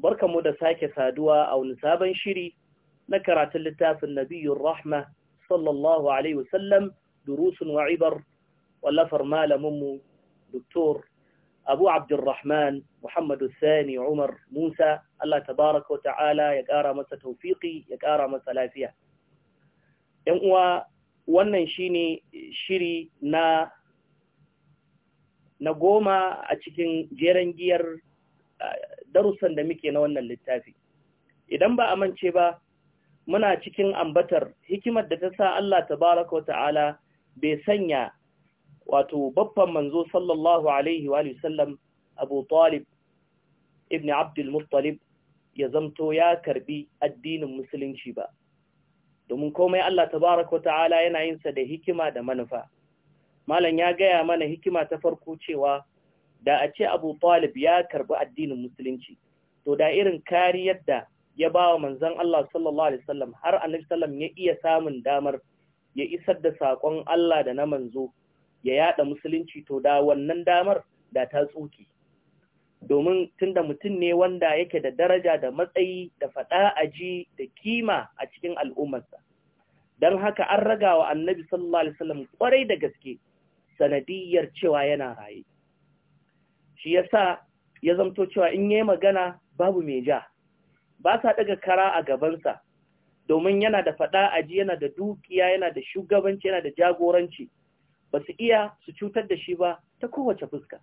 barkamu da sake saduwa a wani sabon shiri na karatun littafin Nabiyyun Rahma sallallahu Alaihi wasallam durusun wa'ibar wallafar malaminmu doktor Abu Abdurrahman Muhammadu Sani Umar Musa Allah tabaraka wa ta'ala ya ƙara masa taufiki ya ƙara masa lafiya. ‘Yan uwa wannan shine shiri na na goma a cikin jeren giyar darussan da muke na wannan littafi idan ba a mance ba muna cikin ambatar hikimar da ta sa Allah tabaraka wa bai sanya wato babban manzo sallallahu alaihi wa sallam Abu Talib ibn Abdul Muttalib ya zamto ya karbi addinin musulunci ba domin komai Allah tabaraka wa yana yin sa da hikima da manufa malam ya gaya mana hikima ta farko cewa da a ce abu talib ya karbi addinin musulunci to da irin kariyar da ya ba wa manzan Allah sallallahu alaihi wasallam har annabi sallam ya iya samun damar ya isar da sakon Allah da na manzo ya yada musulunci to da wannan damar da ta tsoki domin tunda mutum ne wanda yake da daraja da matsayi da fada aji da kima a cikin al'ummarsa don haka an ragawa wa annabi sallallahu alaihi wasallam kwarai da gaske sanadiyar cewa yana raye shi ya sa ya zamto cewa in ya yi magana babu mai ja ba sa daga kara a gabansa domin yana da fada aji yana da dukiya yana da shugabanci yana da jagoranci ba su iya su cutar da shi ba ta kowace fuska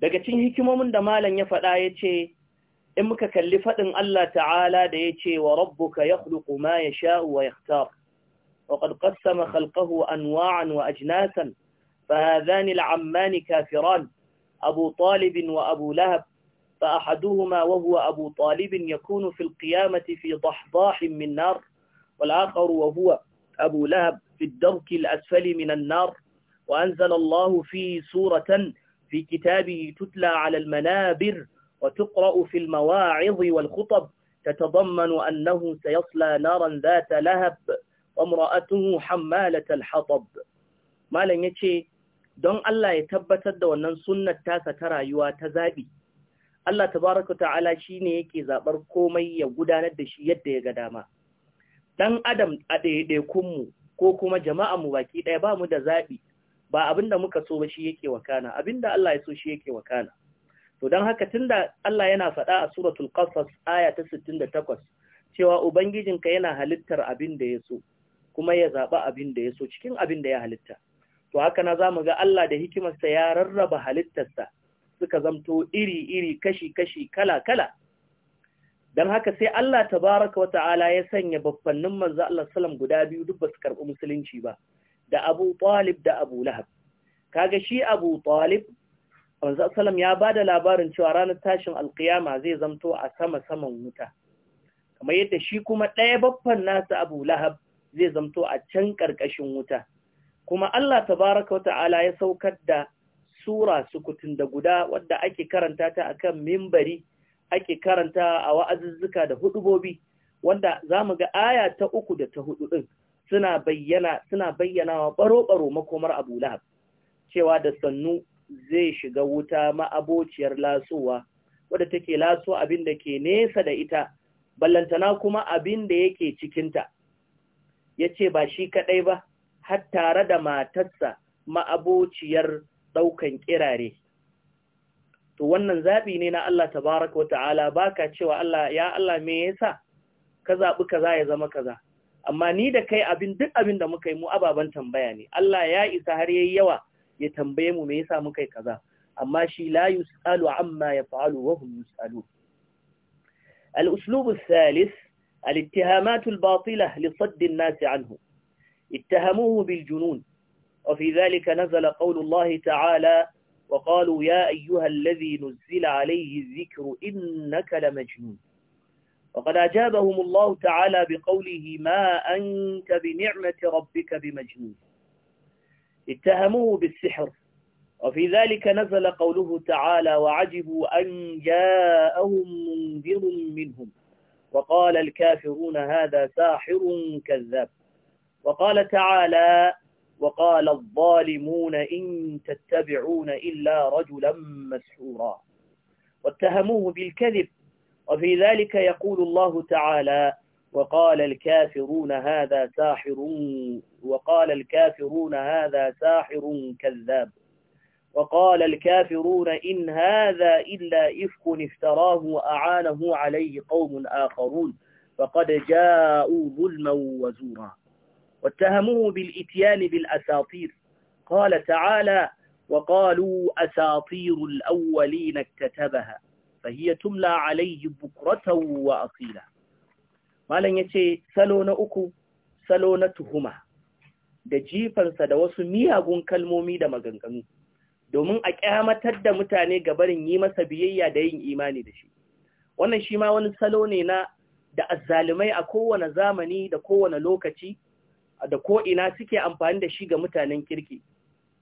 daga cin hikimomin da malam ya fada ya ce in muka kalli fadin Allah ta'ala da ya ce wa rabbuka ya ma ya sha'u wa ya wa kalkahu khalqahu anwa'an wa ajinasan فهذان العمان كافران أبو طالب وأبو لهب فأحدهما وهو أبو طالب يكون في القيامة في ضحضاح من نار والآخر وهو أبو لهب في الدرك الأسفل من النار وأنزل الله في سورة في كتابه تتلى على المنابر وتقرأ في المواعظ والخطب تتضمن أنه سيصلى نارا ذات لهب وامرأته حمالة الحطب ما لن يتشي don Allah ya tabbatar da wannan sunnar tasa ta rayuwa ta zaɓi. Allah tabaraka ta'ala shi ne yake zaɓar komai ya gudanar da shi yadda ya ga dama. Ɗan Adam a kunmu ko kuma jama'a mu baki ɗaya ba mu da zaɓi, ba abin da muka so ba shi yake wakana, abin da Allah ya so shi yake wakana. To don haka tun da Allah yana faɗa a suratul Qasas aya ta 68 cewa Ubangijinka yana halittar abin da ya so, kuma ya zaɓa abin da ya so cikin abin da ya halitta. to haka na zamu ga Allah da hikimarsa ya rarraba halittarsa suka zamto iri-iri kashi-kashi kala-kala don haka sai Allah tabaraka wa ta'ala ya sanya babbannin manzo Allah sallam guda biyu duk ba su karɓi musulunci ba da Abu Talib da Abu Lahab kaga shi Abu Talib manzo sallam ya bada labarin cewa ranar tashin alkiyama zai zamto a sama saman wuta kamar yadda shi kuma ɗaya babban nasa Abu Lahab zai zamto a can ƙarƙashin wuta kuma Allah tabaraka wa ta'ala ya saukar da sura sukutun da guda wadda ake karanta ta akan mimbari ake karanta a wa'azuzzuka da hudubobi wanda zamu ga aya ta uku da ta hudu din suna bayyana suna bayyanawa baro-baro makomar Abu Lahab cewa da sannu zai shiga wuta ma'abociyar lasowa wadda take laso abin da ke nesa da ita ballantana kuma abin da yake cikinta ya ce ba shi kaɗai ba har tare da matarsa ma'abociyar ɗaukan ƙirare to wannan zaɓi ne na Allah tabaraka wata'ala baka cewa Allah ya Allah me yasa ka kaza ya zama kaza amma ni da kai abin duk abin da muka yi mu ababen tambaya ne Allah ya isa har yayi yawa ya tambaye mu me yasa muka yi kaza amma shi la yusalu amma fa’alu wa hum yusalu al uslubu salis al al-batila li saddin nasi anhu اتهموه بالجنون وفي ذلك نزل قول الله تعالى وقالوا يا أيها الذي نزل عليه الذكر إنك لمجنون وقد أجابهم الله تعالى بقوله ما أنت بنعمة ربك بمجنون اتهموه بالسحر وفي ذلك نزل قوله تعالى وعجبوا أن جاءهم منذر منهم وقال الكافرون هذا ساحر كذاب وقال تعالى وقال الظالمون إن تتبعون إلا رجلا مسحورا واتهموه بالكذب وفي ذلك يقول الله تعالى وقال الكافرون هذا ساحر وقال الكافرون هذا ساحر كذاب وقال الكافرون إن هذا إلا إفك افتراه وأعانه عليه قوم آخرون فقد جاءوا ظلما وزورا bil واتهموه بالإتيان بالأساطير قال تعالى وقالوا أساطير الأولين اكتتبها فهي alaihi عليه wa وأصيلا malam ya ce salo na uku salo na tuhuma da jifansa da wasu miyagun kalmomi da maganganu domin a ƙyamatar da mutane gabarin yi masa biyayya da yin imani da shi wannan shima wani salo ne na da azzalumai a kowane zamani da kowane lokaci da ko ina suke amfani da shi ga mutanen kirki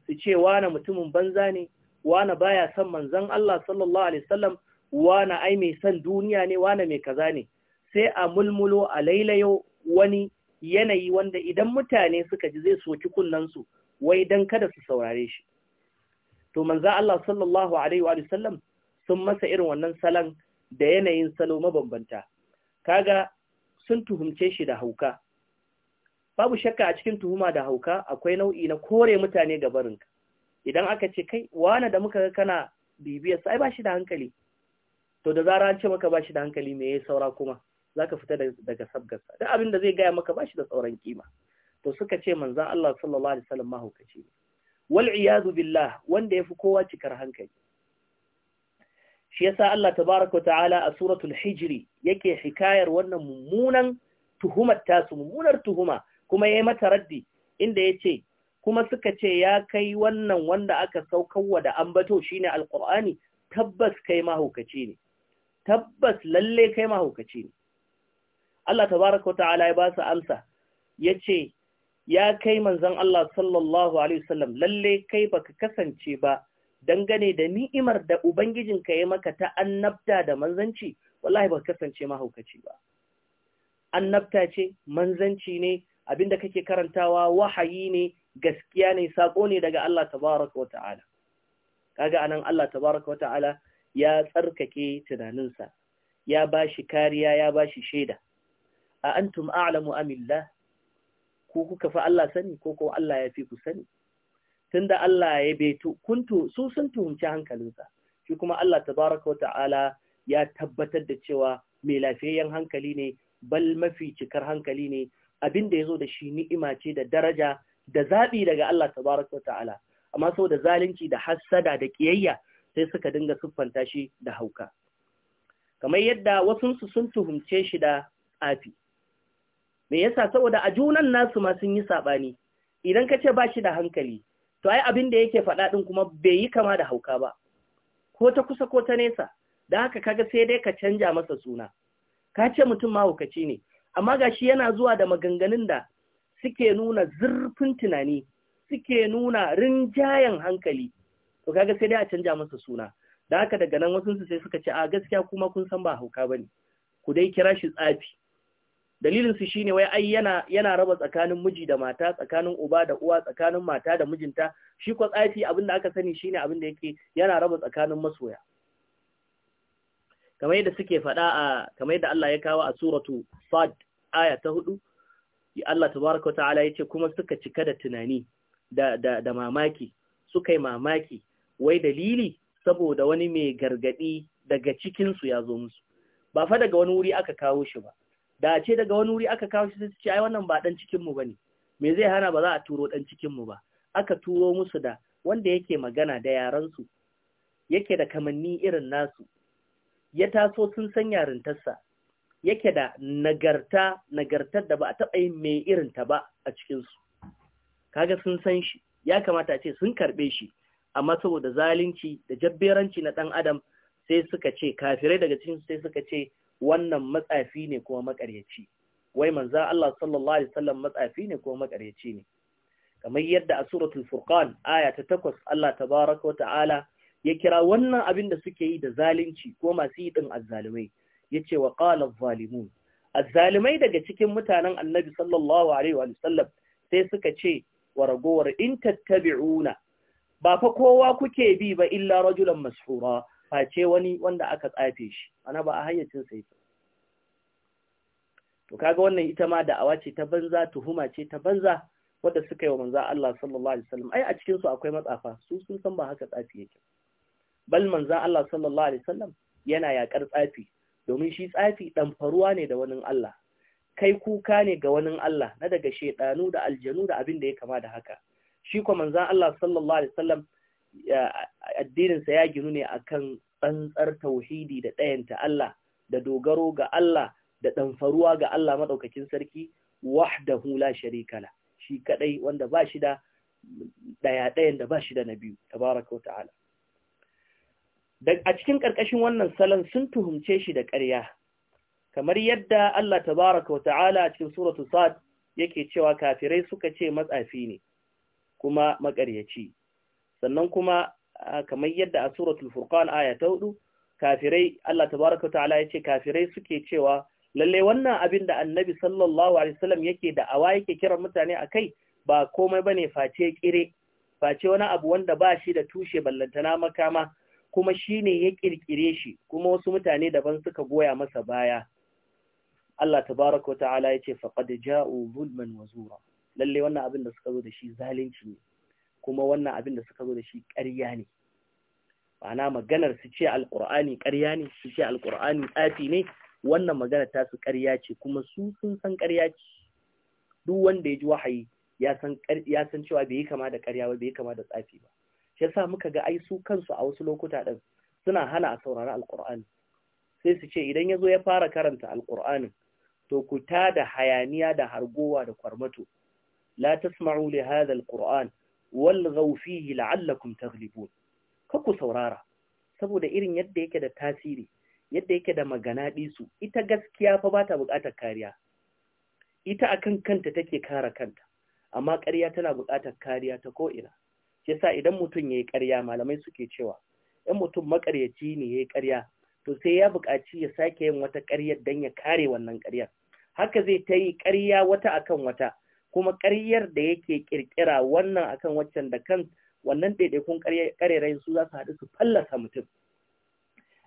su ce wane mutumin banza ne wane baya son manzon Allah sallallahu alaihi wasallam wane ai mai son duniya ne wane mai kaza ne sai a mulmulo a lailayo wani yanayi wanda idan mutane suka ji zai soki kunnansu wai dan kada su saurare shi to manzo Allah sallallahu alaihi wa sun masa irin wannan salon da yanayin salo mabambanta kaga sun tuhumce shi da hauka babu shakka a cikin tuhuma da hauka akwai nau'i na kore mutane ga barinka idan aka ce kai wane da muka kana bibiyar sai ba shi da hankali to da zara an ce maka ba shi da hankali me ya saura kuma zaka fita daga sabgarsa duk abin da zai gaya maka ba shi da sauran kima to suka ce manzon Allah sallallahu alaihi wasallam mahaukaci ne wal iyadu billah wanda yafi kowa cikar hankali shi yasa Allah tabaaraka ta'ala a suratul hijri yake hikayar wannan mummunan tuhumar tasu mummunar tuhuma kuma ya yi mata raddi inda ya ce kuma suka ce ya kai wannan wanda aka wa da ambato shine alqur'ani tabbas kai mahaukaci ne tabbas lalle kai mahaukaci ne Allah tabaraka wata'ala ya ba su amsa yace ya kai manzon Allah sallallahu alaihi wasallam lalle kai baka kasance ba dangane da ni'imar da ubangijinka ya maka ta annabta da manzanci wallahi baka kasance mahaukaci ba annabta ce manzanci ne Abin da kake karantawa wahayi ne gaskiya ne sako ne daga Allah tabaraka wa ta'ala kaga anan Allah tabaraka wa ta'ala ya tsarkake tunaninsa ya bashi kariya ya bashi shaida a antum a'lamu amillah ku kuka fa Allah sani ko ko Allah ya fi ku sani tunda Allah ya beto kuntu su sun tuhumci hankalinsa shi kuma Allah tabaraka wa ta'ala ya tabbatar da cewa mai lafiyayyen hankali ne bal mafi cikar hankali ne abin da ya zo da shi ni'ima ce da daraja da zaɓi daga Allah tabaraka ta'ala amma saboda zalunci da hassada da ƙiyayya sai suka dinga siffanta shi da hauka kamar yadda wasunsu sun tuhumce shi da tsafi me yasa saboda a junan nasu ma sun yi saɓani idan ka ce ba shi da hankali to ai abin da yake faɗa ɗin kuma bai yi kama da hauka ba ko ta kusa ko ta nesa da haka kaga sai dai ka canja masa suna ka ce mutum mahaukaci ne amma ga shi yana zuwa da maganganun da suke nuna zurfin tunani suke nuna rinjayen hankali to kaga sai dai a canja masa suna da haka daga nan wasu sai suka ce a gaskiya kuma kun san ba hauka bane ku dai kira shi tsafi dalilin su shine wai ai yana yana raba tsakanin miji da mata tsakanin uba da uwa tsakanin mata da mijinta shi ko tsafi abinda aka sani shine abinda yake yana raba tsakanin masoya kamar yadda suke faɗa a kamar yadda Allah ya kawo a suratu Sad aya ta hudu Allah tabaraka ta'ala ce kuma suka cika da tunani da da mamaki suka yi mamaki wai dalili saboda wani mai gargadi daga cikinsu ya zo musu ba fa daga wani wuri aka kawo shi ba da ce daga wani wuri aka kawo shi sai ce ai wannan ba dan cikinmu mu bane me zai hana ba za a turo dan cikin mu ba aka turo musu da wanda yake magana da yaran su yake da kamanni irin nasu ya taso sun san yarintarsa yake da nagarta nagartar da ba a taɓa yin mai irin ta ba a cikinsu kaga sun san shi ya kamata a ce sun karɓe shi amma saboda zalunci da jabberanci na ɗan adam sai suka ce kafirai daga cikin sai suka ce wannan matsafi ne kuma makaryaci wai manzo Allah sallallahu alaihi wasallam matsafi ne kuma makaryaci ne kamar yadda a suratul furqan aya ta takwas, Allah tabaaraka ta'ala ya kira wannan abin da suke yi da zalunci ko masu yi din azzalumai yace wa qala zalimun. A azzalimai daga cikin mutanen annabi sallallahu alaihi wa sallam sai suka ce wa ragowar in tattabi'una ba fa kowa kuke bi ba illa rajulan mashhura face wani wanda aka tsafe shi ana ba a hayyacin sai to kaga wannan ita ma da'awa ce ta banza tuhuma ce ta banza wanda suka yi wa manzo Allah sallallahu alaihi wasallam ai a cikin su akwai matsafa su sun san ba haka tsafi yake bal manzo Allah sallallahu alaihi wasallam yana yakar tsafi domin shi tsafi ɗanfaruwa ne da wani Allah kai kuka ne ga wani Allah na daga shaiɗanu da aljanu da abin da ya kama da haka shi kuma manzan Allah sallallahu alaihi wasallam addininsa ya ginu ne a kan tsantsar tauhidi da ɗayanta Allah da dogaro ga Allah da ɗanfaruwa ga Allah maɗaukakin sarki wahdahu la sharikala shi kadai wanda ba shi da ɗaya ɗayan da ba shi na biyu tabaraka wa ta'ala a cikin ƙarƙashin wannan salon sun tuhumce shi da ƙarya kamar yadda Allah tabaraka wa ta'ala a cikin suratu sad yake cewa kafirai suka ce matsafi ne kuma maƙaryaci sannan kuma kamar yadda a suratul furqan aya ta hudu kafirai Allah tabaraka wa ta'ala ya ce kafirai suke cewa lalle wannan abin da annabi sallallahu alaihi wasallam yake da awa yake kiran mutane a kai ba komai bane face kire face wani abu wanda ba shi da tushe ballantana makama kuma shi ne ya ƙirƙire shi kuma wasu mutane daban suka goya masa baya Allah tabaraka wa ta'ala ya ce faqad ja'u zulman wa zura lalle wannan abin da suka zo da shi zalunci ne kuma wannan abin da suka zo da shi ƙarya ne ma'ana maganar su ce alqur'ani ƙarya ne su ce alqur'ani tsafi ne wannan magana ta su ƙarya ce kuma su sun san ƙarya ce duk wanda ya ji wahayi ya san ya san cewa bai yi kama da ƙarya ba bai yi kama da tsafi ba shi yasa muka ga ai su kansu a wasu lokuta din suna hana a saurari alqur'ani sai su ce idan yazo ya fara karanta alqur'anin to ku ta da hayaniya da hargowa da kwarmato la tasma'u li hadha alqur'an ghaw fihi la'allakum taghlibun ku saurara saboda irin yadda yake da tasiri yadda yake da maganaɗi su ita gaskiya fa ba ta buƙatar kariya ita akan kanta take kare kanta amma ƙarya tana buƙatar kariya ta ko'ina yasa idan mutum yayi karya, malamai suke cewa in mutum makaryaci ne yayi karya, to sai ya buƙaci ya sake yin wata ƙaryar dan ya kare wannan ƙaryar haka zai ta yi ƙarya wata akan wata kuma ƙaryar da yake ƙirƙira wannan akan waccan da kan wannan ɗaiɗaikun ƙarerayin su za su haɗu su fallasa mutum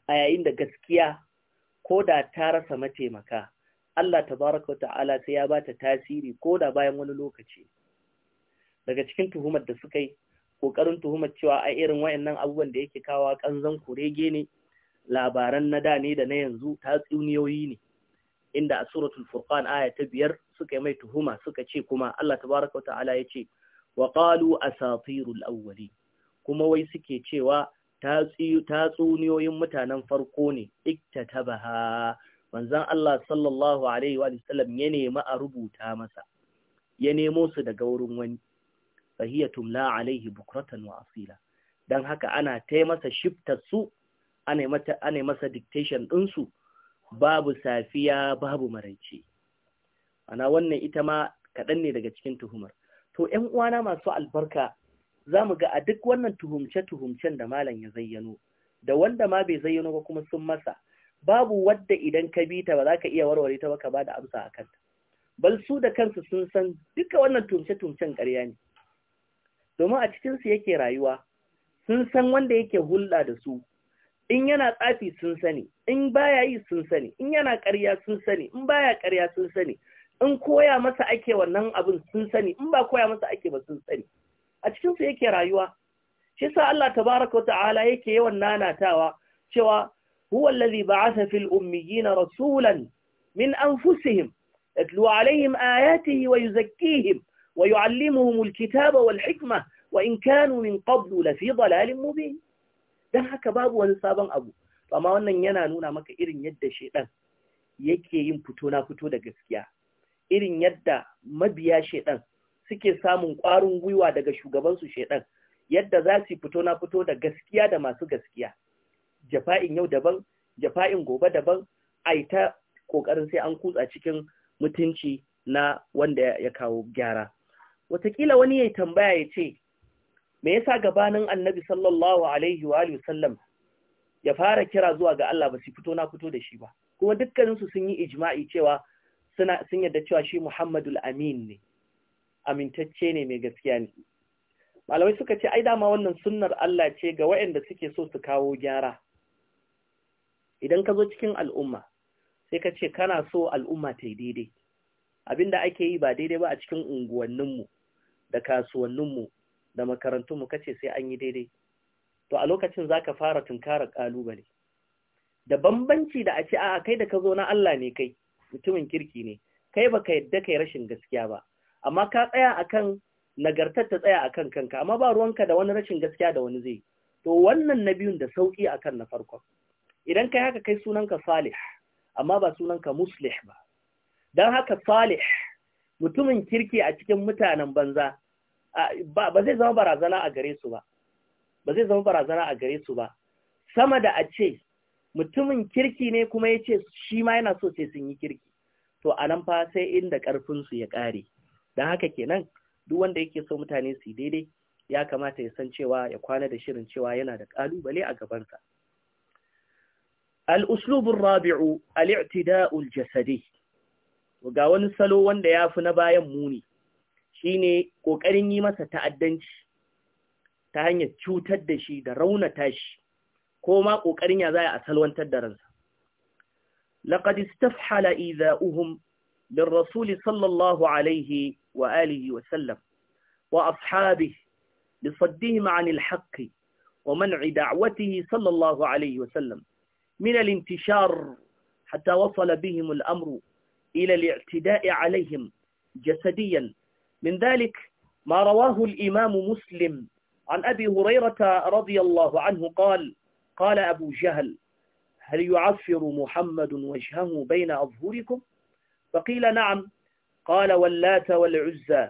a yayin da gaskiya ko da ta rasa mataimaka Allah tabaraka ta'ala sai ya ba ta tasiri ko da bayan wani lokaci daga cikin tuhumar da suka yi kokarin tuhumar cewa a irin wayannan abubuwan da yake kawa kanzan kurege ne labaran na da ne da na yanzu tatsuniyoyi ne inda a suratul furqan aya ta biyar suka yi mai tuhuma suka ce kuma Allah tabaraka ta'ala ya ce wa qalu asatirul awwali kuma wai suke cewa tatsuniyoyin mutanen farko ne iktatabaha manzon Allah sallallahu alaihi wa sallam ya nemi a rubuta masa ya nemo su daga wurin wani fahiya tumla alaihi bukratan wa asila don haka ana ta masa su ana masa dictation ɗinsu babu safiya babu maraice ana wannan ita ma kaɗan ne daga cikin tuhumar to ‘yan uwana masu albarka za mu ga a duk wannan tuhumce-tuhumcen da malam ya zayyano da wanda ma bai zayyano ba kuma sun masa babu wadda idan ka bi ta ba za ka iya warware ta ba ka ba da amsa a kanta bal su da kansu sun san duka wannan tuhumce-tuhumcen ƙarya ne domin a cikinsu yake rayuwa sun san wanda yake hulɗa da su in yana tsafi sun sani in baya yi sun sani in yana ƙarya sun sani in baya ƙarya sun sani in koya masa ake wannan abin sun sani in ba koya masa ake ba sun sani a cikinsu yake rayuwa shi sa Allah tabaraka ta'ala yake yawan nanatawa cewa huwa allazi ba'atha fil ummiyina rasulan min anfusihim atlu alaihim ayatihi wa yuzakkihim ويعلمهم الكتاب والحكمة وإن كانوا من قبل لفي ضلال مبين dan haka babu wani sabon abu amma wannan yana nuna maka irin yadda shedan yake yin fito na fito da gaskiya irin yadda mabiya shedan suke samun ƙwarin gwiwa daga shugabansu shedan yadda za su fito na fito da gaskiya da masu gaskiya jafa'in yau daban jafa'in gobe daban yi ta ƙoƙarin sai an kutsa cikin mutunci na wanda ya kawo gyara watakila wani ya tambaya ya ce me yasa gabanin annabi sallallahu alaihi wa sallam ya fara kira zuwa ga Allah ba su fito na fito da shi ba kuma dukkaninsu sun yi ijma'i cewa suna sun yarda cewa shi Muhammadu Amin ne amintacce ne mai gaskiya ne malamai suka ce ai dama wannan sunnar Allah ce ga waɗanda suke so su kawo gyara idan ka zo cikin al'umma sai ka ce kana so al'umma ta yi daidai abinda ake yi ba daidai ba a cikin unguwanninmu da kasuwanninmu da makarantunmu kace sai an yi daidai to a lokacin za ka fara tunkara ƙalubale da bambanci da a ce a kai da ka zo na Allah ne kai mutumin kirki ne kai ba ka yadda kai rashin gaskiya ba amma ka tsaya a kan nagartar ta tsaya a kan kanka amma ba ruwanka da wani rashin gaskiya da wani zai to wannan na biyun da sauki akan na farko. idan kai haka kai sunanka salih amma ba sunanka muslih ba don haka salih mutumin kirki a cikin mutanen banza ba zai zama barazana a gare su ba ba zai zama barazana a gare su ba sama da a ce mutumin kirki ne kuma ya ce shi ma yana so sai sun yi kirki to a nan fa sai inda su ya ƙare don haka kenan duk wanda yake so mutane su daidai ya kamata ya san cewa ya kwana da shirin cewa yana da ƙalubale a gabansa al-uslubur rabi'u al-i'tida'ul jasadi to ga wani salo wanda ya fi na bayan muni shine ƙoƙarin yi masa ta'addanci ta hanyar cutar da shi da raunata shi ko ma ƙoƙarin ya za a salwantar da ransa laqad istafhala idha'uhum rasuli sallallahu alaihi wa alihi wa sallam wa ashabihi لصدهم عن الحق ومنع دعوته صلى الله عليه وسلم من الانتشار حتى وصل إلى الاعتداء عليهم جسديا من ذلك ما رواه الإمام مسلم عن أبي هريرة رضي الله عنه قال قال أبو جهل هل يعفر محمد وجهه بين أظهركم فقيل نعم قال واللات والعزى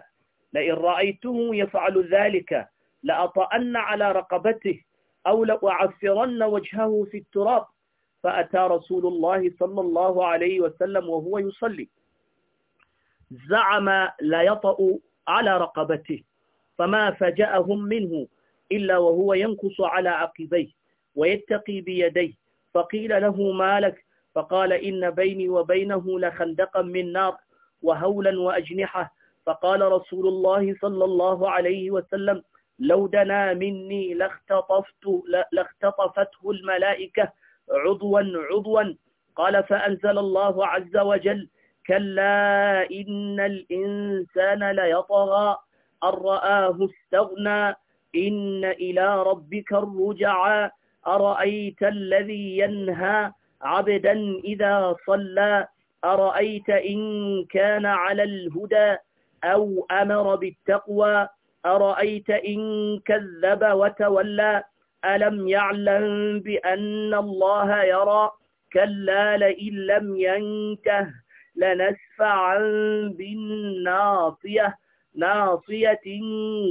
لئن رأيته يفعل ذلك لأطأن على رقبته أو لأعفرن وجهه في التراب فأتى رسول الله صلى الله عليه وسلم وهو يصلي زعم لا يطأ على رقبته فما فجأهم منه إلا وهو ينكص على عقبيه ويتقي بيديه فقيل له ما لك فقال إن بيني وبينه لخندقا من نار وهولا وأجنحة فقال رسول الله صلى الله عليه وسلم لو دنا مني لاختطفت لاختطفته الملائكة عضوا عضوا قال فأنزل الله عز وجل كلا إن الإنسان ليطغى أن رآه استغنى إن إلى ربك الرجعى أرأيت الذي ينهى عبدا إذا صلى أرأيت إن كان على الهدى أو أمر بالتقوى أرأيت إن كذب وتولى ألم يعلم بأن الله يرى كلا لئن لم ينته لنسفعا بالناصية ناصية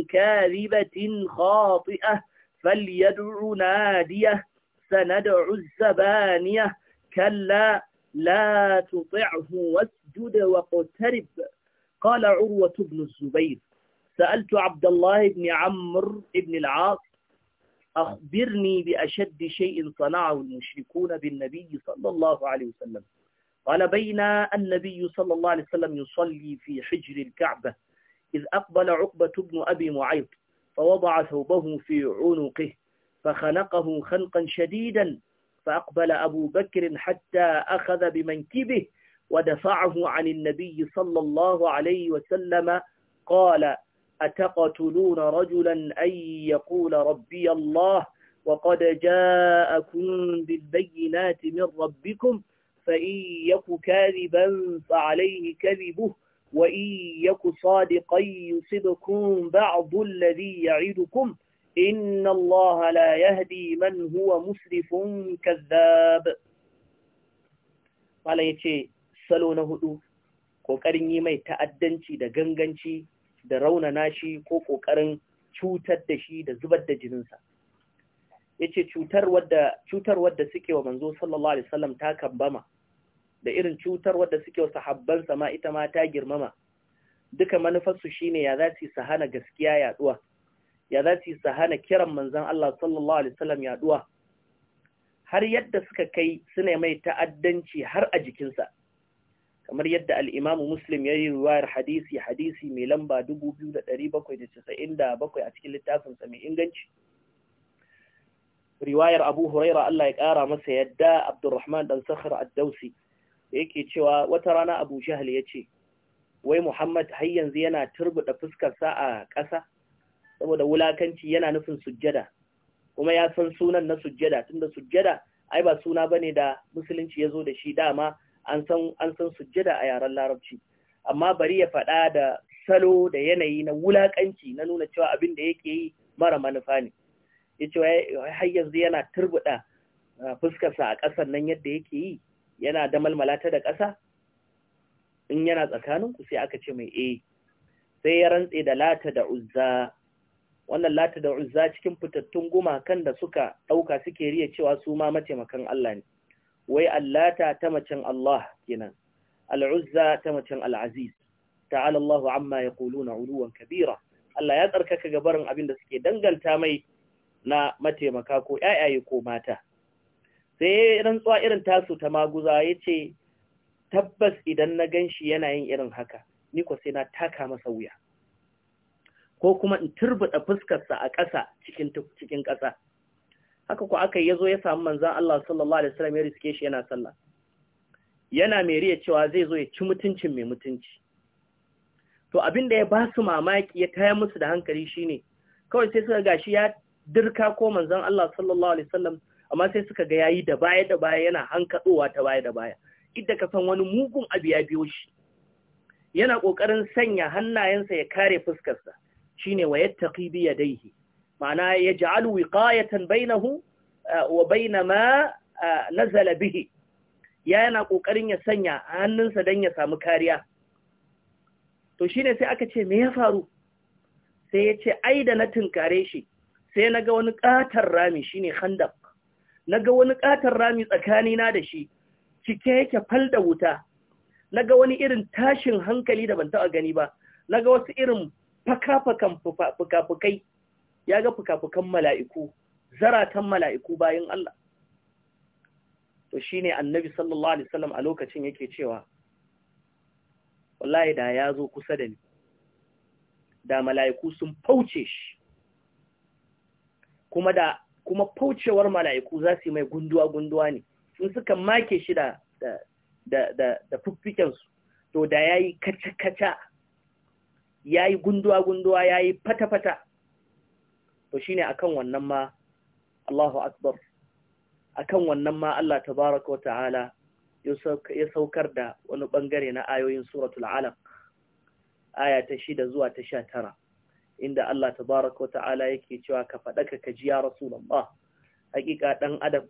كاذبة خاطئة فليدع نادية سندع الزبانية كلا لا تطعه واسجد واقترب قال عروة بن الزبير سألت عبد الله بن عمرو بن العاص أخبرني بأشد شيء صنعه المشركون بالنبي صلى الله عليه وسلم قال بين النبي صلى الله عليه وسلم يصلي في حجر الكعبة إذ أقبل عقبة بن أبي معيط فوضع ثوبه في عنقه فخنقه خنقا شديدا فأقبل أبو بكر حتى أخذ بمنكبه ودفعه عن النبي صلى الله عليه وسلم قال أتقتلون رجلا أن يقول ربي الله وقد جاءكم بالبينات من ربكم فإن يك كاذبا فعليه كذبه وإن يك صادقا يصبكم بعض الذي يعدكم إن الله لا يهدي من هو مسرف كذاب قال يتي سلونه دو kokarin yi mai ta'addanci da ganganci da raunana shi ko ƙoƙarin cutar da shi da zubar da jininsa ya ce cutar wadda suke wa manzo sallallahu alaihi wasallam ta kambama da irin cutar wadda suke wa sahabbansa ma ita ma ta girmama duka manufarsu shine ya za su hana gaskiya yaduwa ya za su hana kiran manzon Allah sallallahu alaihi wasallam yaduwa har yadda suka kai suna mai ta'addanci har a jikinsa kamar yadda al'imamu muslim ya yi ruwayar hadisi hadisi mai lamba 2,797 a cikin littafinsa mai inganci riwayar abu huraira Allah ya ƙara masa yadda abdurrahman dan sakhar addausi da yake cewa wata rana abu Shahal ya ce wai muhammad har yanzu yana turbuɗa fuskarsa a ƙasa saboda wulakanci yana nufin sujjada kuma ya san sunan na sujjada tunda sujjada ai ba suna bane da musulunci ya zo da shi dama an san an san sujjada a yaren larabci amma bari ya faɗa da salo da yanayi na wulakanci na nuna cewa abin da yake yi mara manufa ne Ya ce har yanzu yana turbuda uh, fuskarsa a ƙasar nan yadda yake yi yana da malmalata da ƙasa in yana tsakaninku sai aka ce mai eh sai ya rantse da lata da uzza wannan lata da uzza cikin fitattun gumakan da suka ɗauka suke riya cewa su ma mataimakan Allah ne wai allata ta macen Allah kenan al'uzza ta macen al'aziz ta'ala Allah amma ya kulu na uluwan kabira Allah ya tsarkaka gabarin abin da suke danganta mai na mataimaka ko ‘ya'yaye ko mata sai ya rantsuwa irin tasu ta maguza ya ce tabbas idan na gan shi yana yin irin haka ni ko sai na taka masa wuya ko kuma in turbuɗa fuskarsa a ƙasa cikin ƙasa haka ku aka yazo ya samu manzon Allah sallallahu alaihi wasallam ya riske shi yana sallah yana mai riya cewa zai zo ya ci mutuncin mai mutunci to abin da ya ba su mamaki ya taya musu da hankali shine kawai sai suka gashi ya dirka ko manzon Allah sallallahu alaihi wasallam amma sai suka ga yayi da baya da baya yana hankadowa ta baya da baya idda ka san wani mugun abu ya biyo shi yana ƙoƙarin sanya hannayensa ya kare fuskarsa shine wa yattaqi bi yadayhi ma'ana ya ja'alu wiqayatan bainahu uh, wa bainama uh, nazala bihi yana kokarin ya sanya hannunsa dan ya samu kariya to shine sai aka ce me ya faru sai ya ce ai da na tunkare shi sai naga wani katar rami shine khandaq naga wani katar rami tsakani na da shi cike yake falda wuta naga wani irin tashin hankali da ban taɓa gani ba na ga wasu irin faka-fakan fuka ya ga fuka-fukan mala'iku zaratan mala'iku bayan Allah to shi ne annabi sallallahu alaihi wasallam a lokacin yake cewa wallahi da ya zo kusa da ni da mala'iku sun fauce shi kuma da kuma faucewar mala'iku za su yi mai gunduwa-gunduwa ne sun suka make shi da da da da fuffikensu to da yi kaca-kaca yi gunduwa-gunduwa ya yi fata-fata to shine akan wannan ma Allahu akbar akan wannan ma Allah tabaaraka wa ta'ala ya saukar da wani bangare na ayoyin suratul alaq aya ta 6 zuwa ta 19 inda Allah tabaraka wa ta'ala yake cewa ka faɗaka ka ji ya rasulullah hakika dan adam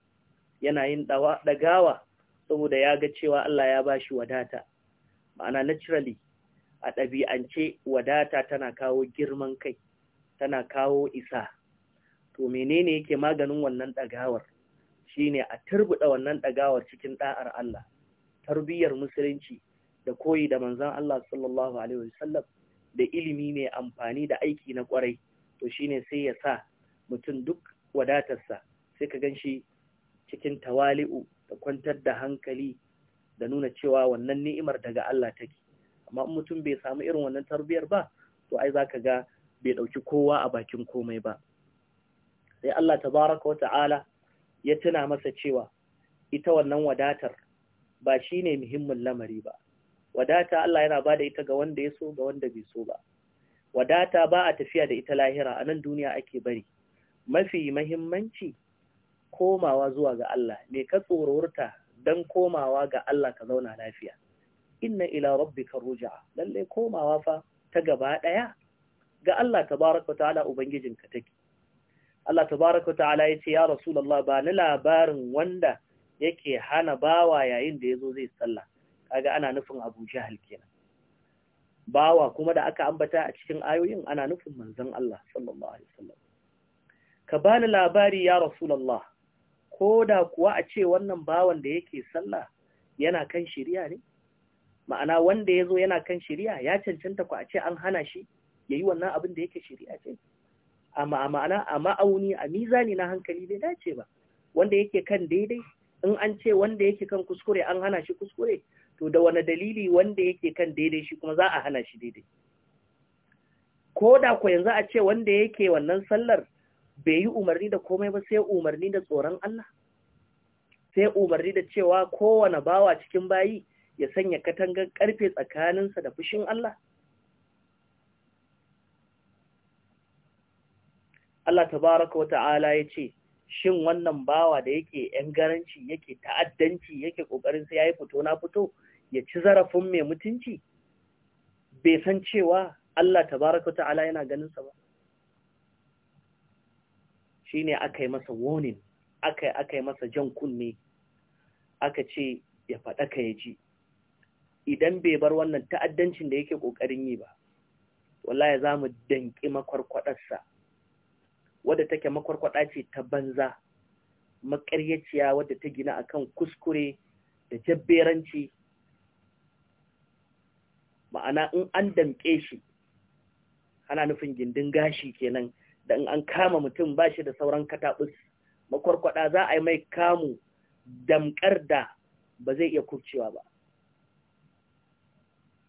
yana yin dagawa saboda ya ga cewa Allah ya bashi wadata ma'ana naturally a ɗabi'ance wadata tana kawo girman kai tana kawo isa to menene yake maganin wannan ɗagawar shine a turbuɗa wannan ɗagawar cikin ɗa'ar Allah tarbiyyar musulunci da koyi da manzon Allah sallallahu alaihi wasallam da ilimi ne amfani da aiki na kwarai to shine sai ya sa mutum duk wadatarsa sai ka ganshi cikin tawali'u da kwantar da hankali da nuna cewa wannan ni'imar daga Allah take amma mutum bai samu irin wannan tarbiyar ba to ai zaka ga bai ɗauki kowa a bakin komai ba sai Allah tabaraka wata'ala ya tuna masa cewa ita wannan wadatar ba shine muhimmin lamari ba wadata Allah yana bada ita ga wanda ya so ga wanda bai so ba wadata ba a tafiya da ita lahira a nan duniya ake bari mafi mahimmanci komawa zuwa ga Allah ne ka tsororta don komawa ga Allah ka zauna lafiya inna ila rabbika ruj'a Lallai komawa fa ta gaba ɗaya. ga Allah tabaraka ta'ala ka take Allah tabaraka ta'ala yace ya rasulullah ba ni labarin wanda yake hana bawa yayin da yazo zai sallah kaga ana nufin Abu Jahal kenan bawa kuma da aka ambata a cikin ayoyin ana nufin manzon Allah sallallahu alaihi wasallam ka bani labari ya rasulullah ko da kuwa a ce wannan bawan da yake sallah yana kan shiriya ne ma'ana wanda yazo yana kan shiriya ya cancanta ku a ce an hana shi Ya yi wannan abin da yake shari'a ce amma a ma'ana a ma'auni a mizani na hankali bai dace ba wanda yake kan daidai in an ce wanda yake kan kuskure an hana shi kuskure to da wani dalili wanda yake kan daidai shi kuma za a hana shi daidai ko da ko yanzu a ce wanda yake wannan sallar bai yi umarni da komai ba sai umarni da tsoron Allah sai umarni da cewa kowane bawa cikin bayi ya sanya katangar karfe tsakaninsa da fushin Allah Allah tabaraka wata'ala ya ce shin wannan bawa da yake ‘yan garanci yake ta'addanci yake ƙoƙarin sai ya yi fito na fito ya ci zarafin mai mutunci bai san cewa Allah tabaraka Wata'ala yana ganinsa ba shi ne aka yi masa warning aka yi masa jan kunne aka ce ya faɗa ka ya ji idan bai bar wannan ta'addancin da yake ƙoƙarin yi ba wallahi za mu danƙi makwarkwaɗarsa wadda take makwarkwada ce ta banza makaryaciya wadda ta gina akan kuskure da jabberanci ma'ana in an damƙe shi ana nufin gindin gashi kenan da in an kama mutum ba shi da sauran kataɓus makwarkwada za a yi mai kamu damƙar da ba zai iya kurcewa ba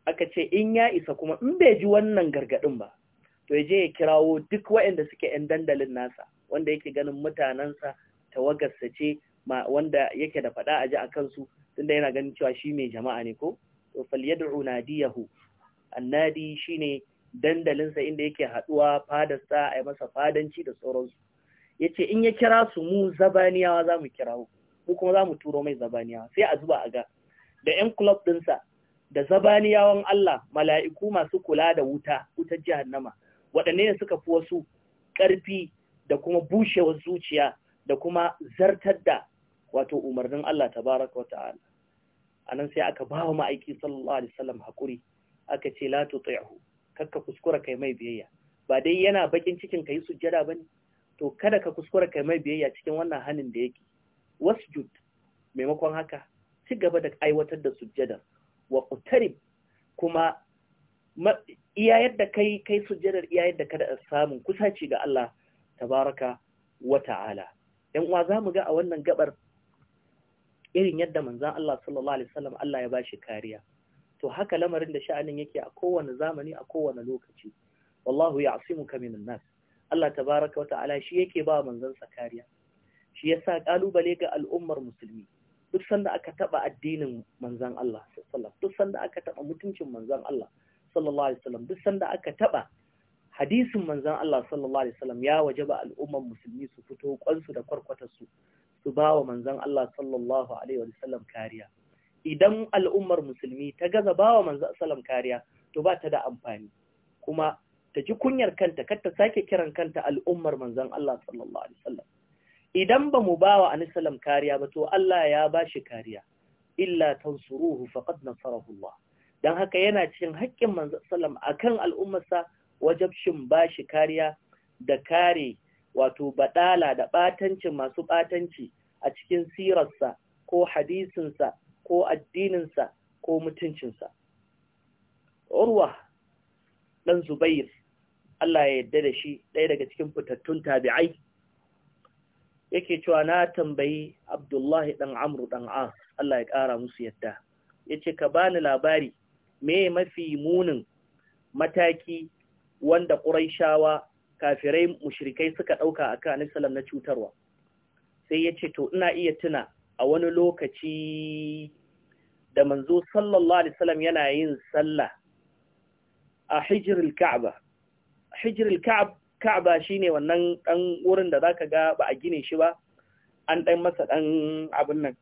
aka ce in ya isa kuma in bai ji wannan gargaɗin ba to ya je ya kirawo duk waɗanda suke 'yan dandalin nasa wanda yake ganin mutanensa tawagarsa ce wanda yake da faɗa a ji a kansu tunda yana ganin cewa shi mai jama'a ne ko to falyad'u nadiyahu annadi shine dandalinsa inda yake haɗuwa fadarsa a yi masa fadanci da sauransu yace in ya kira su mu zabaniyawa za mu kirawo mu kuma za mu turo mai zabaniyawa sai a zuba a ga da 'yan kulob ɗinsa da zabaniyawan Allah mala'iku masu kula da wuta wutar jahannama waɗanne ne suka fi wasu ƙarfi da kuma bushewar zuciya da kuma zartar da wato umarnin Allah baraka wa ta'ala nan sai aka ba wa ma'aiki sallallahu alaihi wasallam hakuri aka ce la tuti'hu kakka kuskura kai mai biyayya ba dai yana baƙin cikin kai sujjada bane to kada ka kuskura kai mai biyayya cikin wannan hannun da yake wasjud maimakon haka ci gaba da aiwatar da sujjada wa qutarib kuma iya yadda kai kai sujjadar iya yadda kada samun kusaci ga Allah tabaraka wa ta'ala yan uwa zamu ga a wannan gabar irin yadda manzon Allah sallallahu alaihi wasallam Allah ya bashi kariya to haka lamarin da sha'anin yake a kowane zamani a kowane lokaci wallahu ya'simuka minan nas Allah tabaraka wa ta'ala shi yake ba manzon sa kariya shi yasa kalubale ga al'ummar musulmi duk sanda aka taba addinin manzon Allah sallallahu alaihi wasallam duk sanda aka taba mutuncin manzon Allah sallallahu alaihi wasallam duk sanda aka taba hadisin manzon Allah sallallahu alaihi wasallam ya wajaba al'umman musulmi su fito kwansu da kwarkwatar su su wa manzon Allah sallallahu alaihi wasallam kariya idan al'ummar musulmi ta gaza wa manzon sallam kariya to ba ta da amfani kuma ta ji kunyar kanta kar ta sake kiran kanta al'ummar manzon Allah sallallahu alaihi wasallam idan ba mu bawa annabi sallam kariya ba to Allah ya ba shi kariya illa tansuruhu faqad nasarahu Allah don haka yana cikin haƙƙin manzon sallam akan al'ummarsa wajabshin shi kariya da kare wato badala da batanci masu batanci a cikin sirarsa ko hadisinsa ko addininsa ko mutuncinsa urwa dan zubair Allah ya yarda da shi ɗaya daga cikin fitattun tabi'ai yake cewa na tambayi Abdullahi dan Amru dan As Allah ya ƙara musu yadda yace ka bani labari me mafi munin mataki wanda ƙuraishawa kafirai mushrikai suka ɗauka a kan Salam na cutarwa sai ya ce to ina iya tuna a wani lokaci da manzo sallallahu alaihi wasallam yana yin sallah a hijrul ka'aba hijrul ka'aba shine wannan dan wurin da zaka ga ba a gine shi ba an dan masa dan abun nan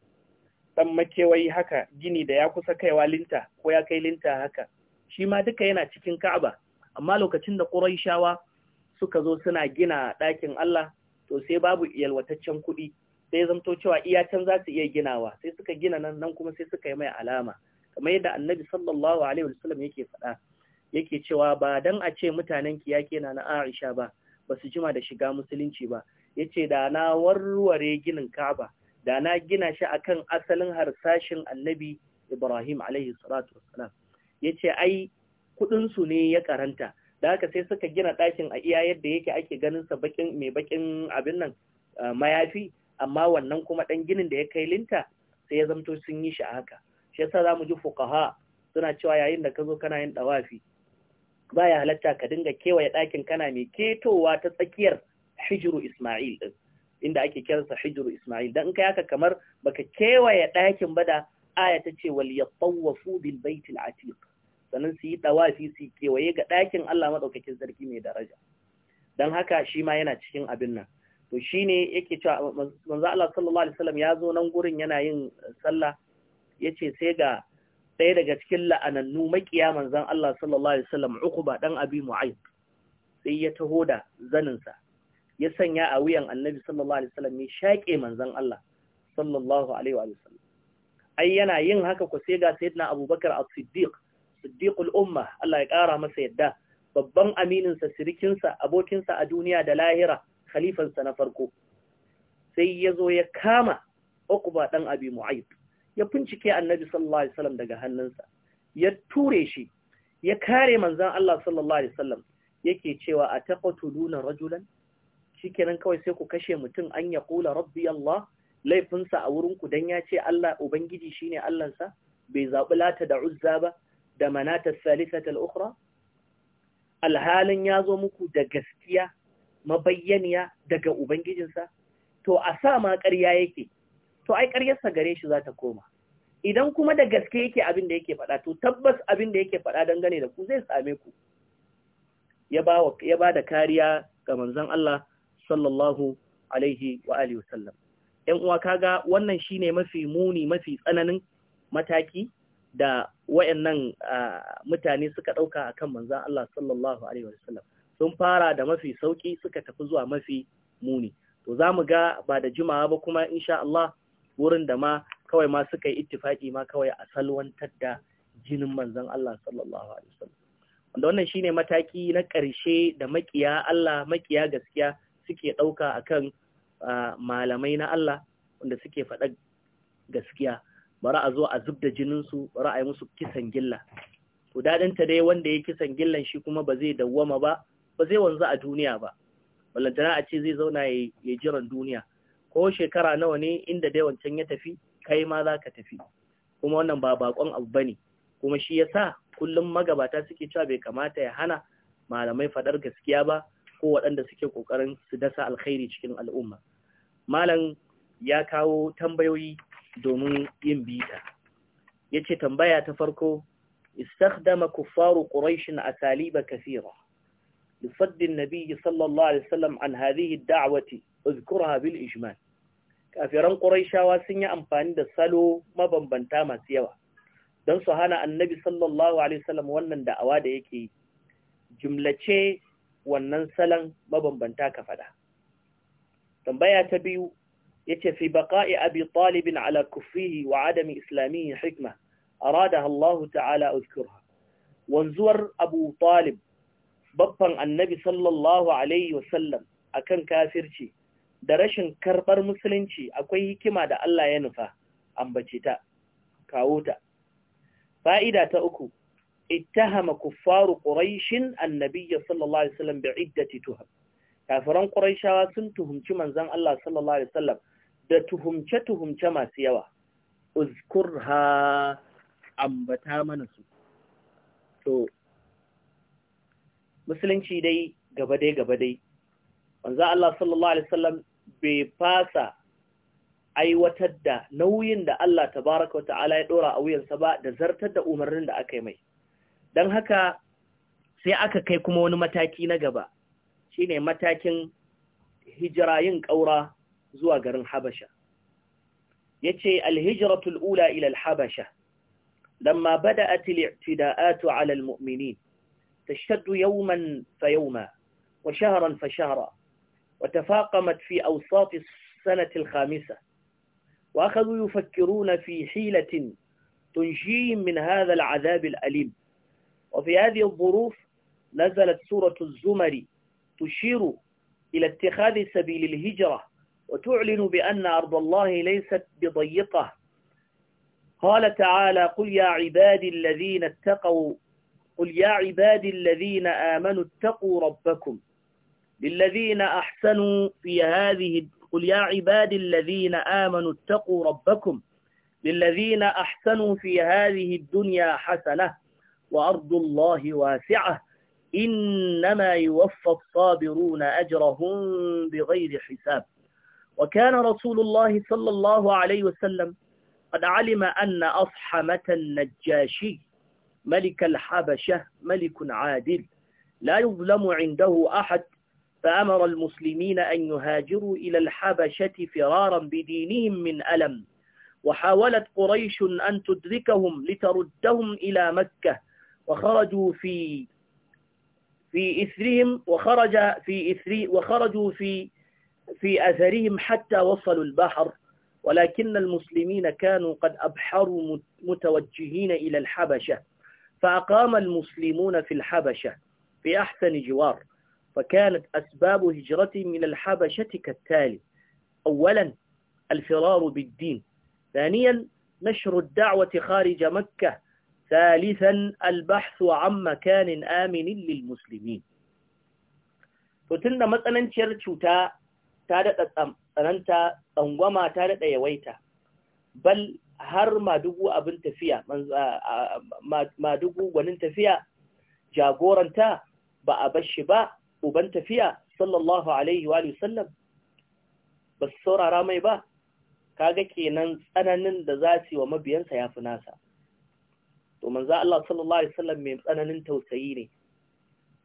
ɗan makewayi haka gini da ya kusa kaiwa linta ko ya kai linta haka shi ma duka yana cikin ka'aba amma lokacin da ƙuraishawa suka zo suna gina ɗakin Allah to sai babu yalwataccen kuɗi sai zamto cewa iyacen za su iya ginawa sai suka gina nan nan kuma sai suka yi mai alama kamar yadda annabi sallallahu alaihi wasallam yake faɗa yake cewa ba dan a ce mutanen ya na na Aisha ba ba su jima da shiga musulunci ba yace da na warware ginin Ka'aba da na gina shi akan asalin harsashin annabi Ibrahim alaihi salatu wassalam yace ai kudin ne ya karanta da haka sai suka gina ɗakin a iya yadda yake ake ganin sa bakin mai bakin abin nan mayafi amma wannan kuma ɗan ginin da ya kai linta sai ya zamto sun yi shi a haka shi yasa zamu ji fuqaha suna cewa yayin da ka zo kana yin dawafi baya halatta ka dinga kewaye ɗakin kana mai ketowa ta tsakiyar hijiru Ismail ɗin. inda ake kiransa hijru isma'il dan in kai haka kamar baka kewaye ɗakin ba da aya ta ce wal yatawafu bil baitil atiq sannan su yi tawafi su kewaye ga ɗakin Allah madaukakin sarki mai daraja dan haka shi ma yana cikin abin nan to shine yake cewa manzo Allah sallallahu alaihi wasallam ya zo nan gurin yana yin sallah yace sai ga ɗaya daga cikin la'anannu makiya manzon Allah sallallahu alaihi wasallam dan Abi Mu'ayth sai ya taho da zaninsa ya sanya a wuyan annabi sallallahu alaihi wasallam ya shaƙe manzon Allah sallallahu alaihi wasallam ai yana yin haka ko sai ga sayyidina Abubakar as-Siddiq siddiqul umma Allah ya ƙara masa yadda babban aminin sa sirikin sa abokin sa a duniya da lahira khalifan sa na farko sai ya zo ya kama ukba dan Abi Mu'ayyib ya bincike annabi sallallahu alaihi wasallam daga hannunsa ya ture shi ya kare manzon Allah sallallahu alaihi wasallam yake cewa ataqtuluna rajulan kenan kawai sai ku kashe mutum an ya kula rabbi Allah laifinsa a wurinku don ya ce Allah Ubangiji shi ne Allahnsa, bai zaɓi lata da uzza ba da manata ta al'ukura? Alhalin ya zo muku da gaskiya mabayyaniya daga Ubangijinsa, to a sa ma ƙarya yake, to ai ƙaryarsa gare shi za ta koma. Idan kuma da gaske yake abin da yake faɗa, to tabbas abin da yake faɗa dangane da ku zai same ku. Ya ba da kariya ga manzan Allah sallallahu alaihi wa alihi wasallam ‘yan uwa kaga wannan shine mafi muni mafi tsananin mataki da wayannan mutane suka ɗauka a kan manzan Allah sallallahu alaihi wasallam sun fara da mafi sauƙi suka tafi zuwa mafi muni to zamu ga ba da jimawa ba kuma insha Allah wurin da ma kawai ma suka yi ittifaki ma kawai a salwantar da jinin manzan Allah sallallahu alaihi wasallam wannan shine mataki na ƙarshe da makiya Allah makiya gaskiya suke ɗauka a kan malamai na Allah wanda suke faɗa gaskiya bara a zo a zub da jininsu bara a yi musu kisan gilla to daɗinta dai wanda ya kisan gillan shi kuma ba zai dawwama ba ba zai wanzu a duniya ba ballantana a ce zai zauna ya jiran duniya ko shekara nawa ne inda dai wancan ya tafi kai ma za ka tafi kuma wannan ba baƙon abu ba ne. kuma shi ya sa kullum magabata suke cewa bai kamata ya hana malamai faɗar gaskiya ba ko waɗanda suke ƙoƙarin su dasa alkhairi cikin al'umma malam ya kawo tambayoyi domin yin bita yace tambaya ta farko istakhdama kuffaru quraish asaliba kasira لفض النبي صلى الله عليه وسلم عن هذه الدعوة اذكرها Ijman. kafiran Qurayshawa sun yi amfani da salo mabambanta masu yawa don su hana annabi sallallahu alaihi wasallam wannan da'awa da yake yi wannan salon mabambanta ka fada tambaya ta biyu yace fi baqa'i abi talib ala kufrihi wa adami islamihi hikma aradaha Allah ta'ala Uskura. wanzuwar abu talib babban annabi sallallahu alaihi wasallam akan kafirci da rashin karɓar musulunci akwai hikima da Allah ya nufa ambace ta kawo ta fa'ida ta uku اتهم كفار قريش النبي صلى الله عليه وسلم بعدة تهم كافران قريشا سن تهمت منزان الله صلى الله عليه وسلم da tuhumce-tuhumce masu yawa uzkurha ambata mana su to musulunci dai gaba dai gaba dai wanzu Allah sallallahu alaihi wasallam bai fasa aiwatar da nauyin da Allah ta baraka tabaraka wata'ala ya ɗora a wuyansa ba da zartar da umarnin da aka yi mai don haka sai aka kai kuma wani mataki na gaba shine matakin hijirayin ƙaura zuwa garin habasha ya ce alhijiratul ula ila alhabasha لما بدأت الاعتداءات على المؤمنين تشتد يوما فيوما وشهرا فشهرا وتفاقمت في أوساط السنة الخامسة وأخذوا يفكرون في حيلة تنجيهم من هذا العذاب الأليم وفي هذه الظروف نزلت سورة الزمر تشير إلى اتخاذ سبيل الهجرة وتعلن بأن أرض الله ليست بضيقة قال تعالى قل يا عبادي الذين اتقوا قل يا عبادي الذين آمنوا اتقوا ربكم للذين أحسنوا في هذه قل يا عبادي الذين آمنوا اتقوا ربكم للذين أحسنوا في هذه الدنيا حسنة وأرض الله واسعة إنما يوفى الصابرون أجرهم بغير حساب وكان رسول الله صلى الله عليه وسلم قد علم أن أصحمة النجاشي ملك الحبشة ملك عادل لا يظلم عنده أحد فأمر المسلمين أن يهاجروا إلى الحبشة فرارا بدينهم من ألم وحاولت قريش أن تدركهم لتردهم إلى مكة وخرجوا في في إثرهم وخرج في إثر وخرجوا في في أثرهم حتى وصلوا البحر ولكن المسلمين كانوا قد أبحروا متوجهين إلى الحبشة فأقام المسلمون في الحبشة في أحسن جوار فكانت أسباب هجرتهم من الحبشة كالتالي أولا الفرار بالدين ثانيا نشر الدعوة خارج مكة ثالثا البحث عن مكان آمن للمسلمين فتند cuta ta dada tsananta tsangwama ta daɗa yawaita bal har madugu abin tafiya gwanin tafiya jagoranta ba a bashi ba uban tafiya sallallahu alaihi wa sallam ba saurara mai ba kaga kenan tsananin da za su wa mabiyansa ya fi nasa to manzo Allah sallallahu alaihi wasallam mai tsananin tausayi ne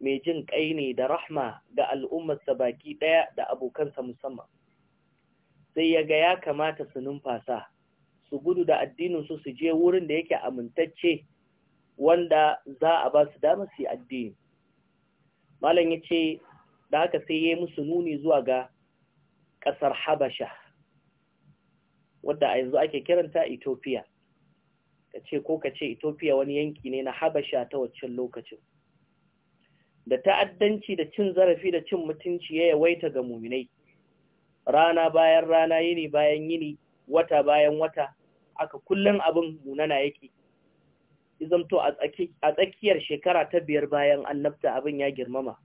mai jin kai ne da rahma ga al'ummarsa baki daya da abokansa musamman sai ya ga ya kamata su numfasa su gudu da addinin su su je wurin da yake amintacce wanda za a ba su damar su yi addini malam yace da haka sai ya musu nuni zuwa ga ƙasar habasha wadda a yanzu ake kiranta ethiopia ka ce ko ka ce Ethiopia wani yanki ne na Habasha ta waccan lokacin da ta'addanci da cin zarafi da cin mutunci ya yawaita ga muminai rana bayan rana yini bayan yini wata bayan wata aka kullun abin munana yake izamto a tsakiyar shekara ta biyar bayan annabta abin ya girmama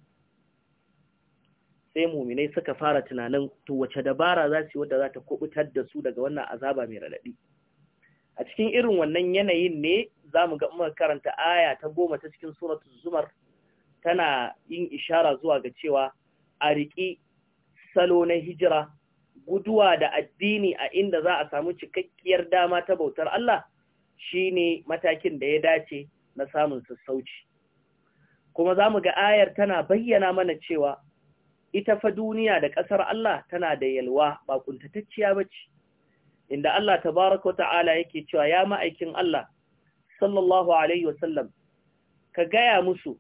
sai muminai suka fara tunanin to wace dabara za su yi wadda za ta kubutar da su daga wannan azaba mai raɗaɗi a cikin irin wannan yanayin ne za mu ga muka karanta aya ta goma ta cikin suratul zumar tana yin ishara zuwa ga cewa a riƙi salo na hijira guduwa da addini a inda za a samu cikakkiyar dama ta bautar Allah shi ne matakin da ya dace na samun sassauci kuma za mu ga ayar tana bayyana mana cewa ita fa duniya da ƙasar Allah tana da yalwa ba kuntatacciya ba ce inda Allah tabaraka ta'ala yake cewa ya ma'aikin Allah sallallahu alaihi wasallam ka gaya musu